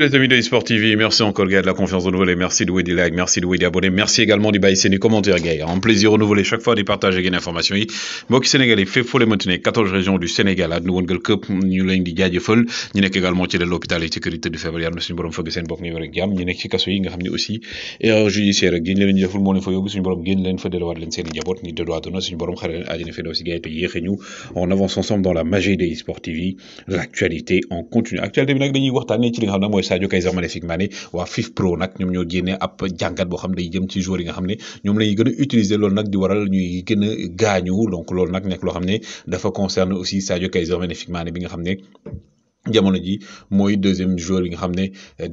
Les amis de Sport TV, merci encore gars de la confiance renouvelée, merci de des likes, merci de des abonnés, merci également du bail, c'est des commentaires gars. Un plaisir renouvelé chaque fois de partager des informations. Mbok Sénégalais, fait faut les maintenir 14 régions du Sénégal ak ñu won gël këpp ñu leen di jaajeufal ñu nekk également ci l'hôpital et sécurité du février na suñu borom fëgg seen bokk ñu wër ak jàmm ñu nekk ci kasso yi nga xam ne aussi erreur judiciaire ak gën leen jëful moo leen fa yóbbu suñu borom gën leen fa delluwaat leen seen njaboot ñi dodo aduna suñu borom xare leen aljana fi aussi gars te yéexé on avance ensemble dans la magie des Sport TV, l'actualité en continu. Actualité bi nag dañuy waxtaanee ci li nga xam Sadio Kaiser Maléfique Mané waa Pro nak ñom ñoo génnee ap jàngat bo xam ne day jëm ci joueur yi nga xamné ñom ñoom lañuy gën utiliser lool nak di waral ñuy gëna gañu donc lool nak nek lo xamné dafa concerne aussi Sadio Kaiser Maléfique Mané bi nga xamné jamono ji mooy deuxième joueur yi nga xamné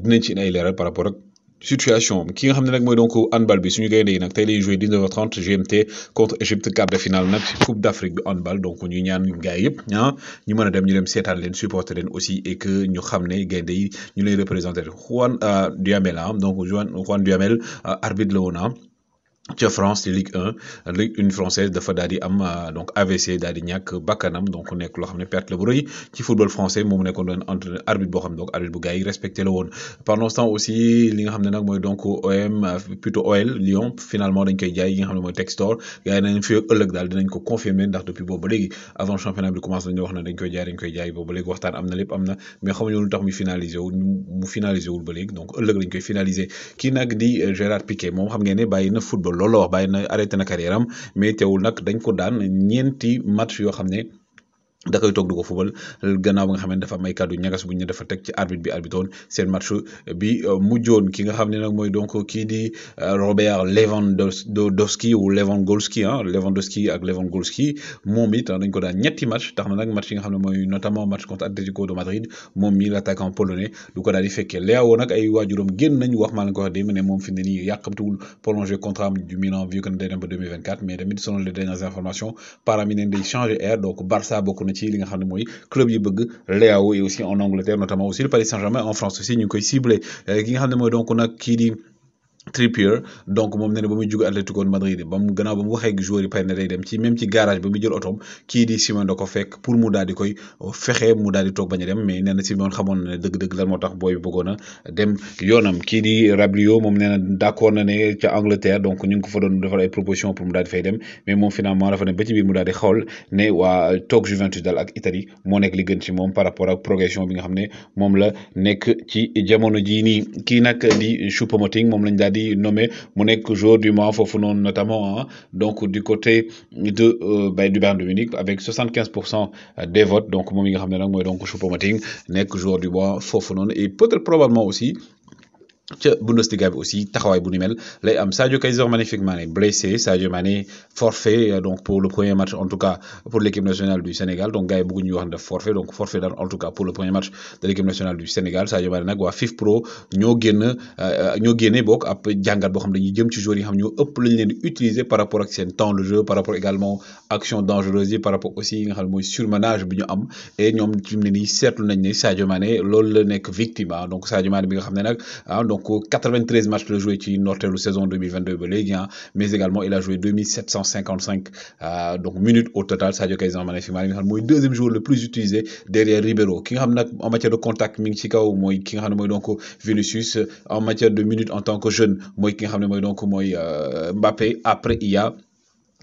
dinañ ci ay leral par rapport ak situation ki nga xamné nak moy donc handball bi suñu gaynde nak tay tey lay 19h30 GMT contre Égypte quart de finale nak Coupe d'Afrique bi handball donc ñu ñaan gaay yëpp ah ñu mëna a dem ñu dem sétal leen supporter leen aussi et que ñu xamné ne gaynde yi ñu lay représenter Juan Duhamel ah, donc Juan Juan Duhamel arbitre la woon ah ca France Ligue 1 Ligue 1 française dafa daal di am euh, donc AVC daal di ñàkk donc nekk loo xam ne perte la bu rëy ci football français moom nekkoon doon entraîneur arbitre boo xam donc arbitre bu gars yi respecté la woon pendant ce temps aussi li nga xam ne nag donc OM euh, plutôt OL Lyon finalement dañ koy jaay nga xam ne Textor gars yi nañ fi ëllëg daal dinañ ko confirmer ndax depuis boobu ba léegi avant championnat bi commencé dañu wax ne dañ koy jaay dañ koy jaay boobu ba léegi waxtaan am na lépp am na mais xamuñu lu tax mu finalisé wu mu finalisé wul ba léegi donc ëllëg lañ koy finaliser kii nag di euh, Gérard Piqué moom xam ngeen ne bàyyi na football loolu la wax bàyyi na arrêté na carrière am mais teewul nag dañ ko daan ñeenti match yoo xam ne da koy toog du football le gannaaw nga xam dafa may cadeau ñagas bu ñu dafa tek ci arbitre bi arbitre won seen match bi mujjoon ki nga xam nak pas donc qui di euh, Robert Lewandowski ou Lewandowski hein Lewandowski ak Lewandowski moom it hein, dañ ko daan ñetti match tax na nag match yi nga xam moy notamment match contre Atlético de Madrid mon mi l'attaquant polonais du ko daal di fekkee Léao nag ay wajurum genn nañ wax ma lañ ko wax démb ne mom fi ne nii tout prolonger contrat du Milan vu que ne dem ba 2024 mais tamit selon les dernières informations Param yi ne day changer air donc Barça beaucoup ci li nga xam moy club yi bëgg Leao et aussi en Angleterre notamment aussi le Paris Saint-Germain en France aussi ñu koy cibler euh, gi nga xam moy donc nak ki di Trippier donc mom nee bamuy ba Atletico jóge Madrid bam mu bam ba ak joueur yi pare na dem ci même ci garage bamuy jël otoom ki di Simon da ko fekk pour mu daal di koy fexé mu daal di toog bañ dem mais nee Simon xamone na ne deug dëgg lan motax boy bi bëggoon dem yonam ki di Rabiot mom nee d'accord na ne ci Angleterre donc ñu ko fa doon defal ay proposition pour mu daal di fay dem mais mom finalement rafa ne ba bi biir mu daal di xool ne waa toog Juventus dal ak Italie mo nek li gën ci mom par rapport ak progression bi nga xamné mom la nek ci jamono ji ni ki nak di Choupo-Moting mom lañ daal nommé mu nekk jour du mois notamment hein, donc du côté de euh, ben, du bain de Munich avec 75 des votes donc mon yi nga donc choupo du mois foofu et peut-être probablement aussi ca Bundesliga bi aussi taxaway bu ni mel lay am Sadio Kaiser magnifique Mané blessé Sadio Mané forfait euh, donc pour le premier match en tout cas pour l'équipe nationale du Sénégal donc gars yi ñu wax ne forfait donc forfait daal en tout cas pour le premier match de l'équipe nationale du Sénégal Sadio Mané wa fif pro ñoo génn euh, euh, ñoo génne bok ap jàngat bo xam dañuy jëm ci joueurs yi xam ñoo ëpp lañ leen di utiliser par rapport ak sen temps de jeu par rapport également action dangereuse yi par rapport aussi nga xam moy surmenage bi ñu am et ñom ci ni ne nañ ni Sadio Mané loolu la nekk victime ah. donc Sadio Mané bi nga xam ne ah, donc donc 93 matchs n'ont joué de la saison 2022 hein. mais également il a joué 2755 euh, minutes au total ça à dire qu'il deuxième jour le plus utilisé derrière Ribeiro en matière de contact Ming ci en matière de minutes en tant que jeune moi euh, Mbappé après il y a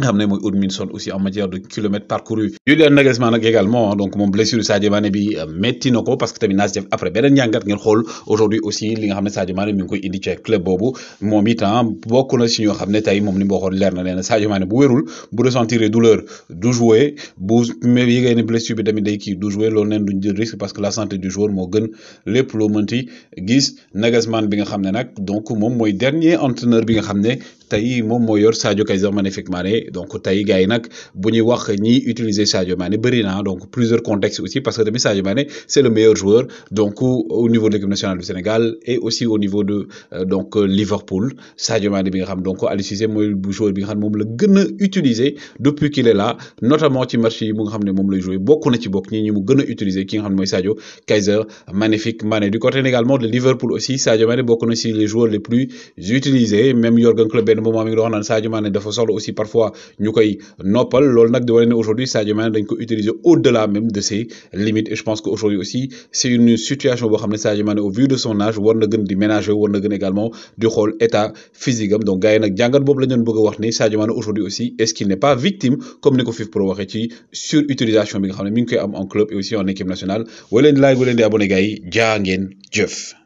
nga moy ne mooy Odminson aussi en matière de kilomètres parcourus Julian Nagelsmann nag également hein, donc moom blessure Sadio Mané bi euh, metti nako parce que tamit naa si def après benen ñangat ngeen xol aujourd'hui aussi li nga xamné Sadio Mané mi ngi koy indi ci club boobu moom itam hein, bokk na si ñoo xamné tay mom moom ni mboxoon leer na léna Sadio Mané bu wérul bu ressentir douleur du jouer bu yi yégée ni blessure bi tamit day ki du jouer loolu neen duñ jël risque parce que la santé du joueur mo gën lépp loo mënti gis Nagelsmann bi nga xamné nak donc mom moy dernier entraîneur bi nga xamné tay moom moo yor Sadio Kaiser Magnifique Mané donc tay gay nak buñu wax ñi utiliser Sadio Mané bari na donc plusieurs contextes aussi parce que de Sadio Mané c'est le meilleur joueur donc au niveau de l'équipe nationale du Sénégal et aussi au niveau de euh, donc euh, Liverpool Sadio Mané bi nga xam donc Aliou Cissé joueur bi nga xam mom la gëna utiliser depuis qu'il est là notamment ci match yi mu nga xam mom lay qui beaucoup na ci bok ñi mu gëna a utiliser ki nga xam moy Sadio Kaiser Magnifique Mané du côté également de Liverpool aussi Sadio Mané bokku na ci les joueurs les plus utilisés même Jurgen Klopp moment mi ngi doon wax naan Sadio dafa solo aussi parfois ñu koy noppal loolu nag di wane ne aujourd'hui Sadio Mané dañ ko utiliser au-delà même de ses limites et je pense que aujourd'hui aussi c'est une situation boo xam ne Sadio au vu de son âge war na gën di ménager war na gën également di xool état physique am donc gars yi nag jàngat boobu la ñu bëgg a wax ni Sadio aujourd'hui aussi est-ce qu'il n'est pas victime comme ni ko FIF pour waxee ci surutilisation bi nga xam ne mi ngi koy am en club et aussi en équipe nationale wala leen di laaj wala leen di abonné gars yi jaa ngeen jëf